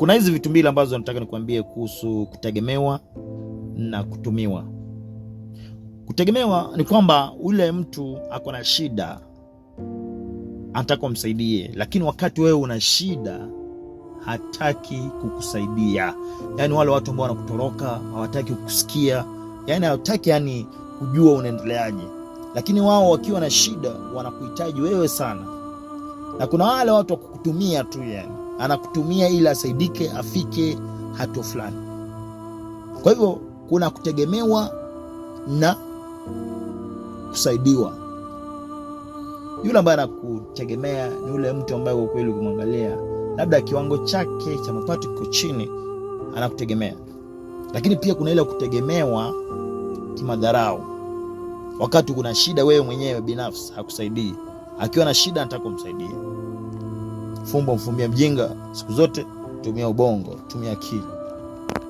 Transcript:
Kuna hizi vitu mbili ambazo nataka nikuambie kuhusu kutegemewa na kutumiwa. Kutegemewa ni kwamba yule mtu ako na shida, anataka umsaidie, lakini wakati wewe una shida hataki kukusaidia. Yaani wale watu ambao wanakutoroka hawataki kukusikia, yaani hawataki yani kujua unaendeleaje, lakini wao wakiwa na shida wanakuhitaji wewe sana, na kuna wale watu wa kukutumia tu yani anakutumia ili asaidike afike hatua fulani. Kwa hivyo kuna kutegemewa na kusaidiwa. Yule ambaye anakutegemea ni yule mtu ambaye kwa kweli kumwangalia, labda kiwango chake cha mapato kiko chini, anakutegemea. Lakini pia kuna ile kutegemewa kimadharau, wakati kuna shida, wewe mwenyewe binafsi hakusaidii, akiwa na shida anataka kumsaidia. Fumbo mfumbia mjinga, siku zote tumia ubongo, tumia akili.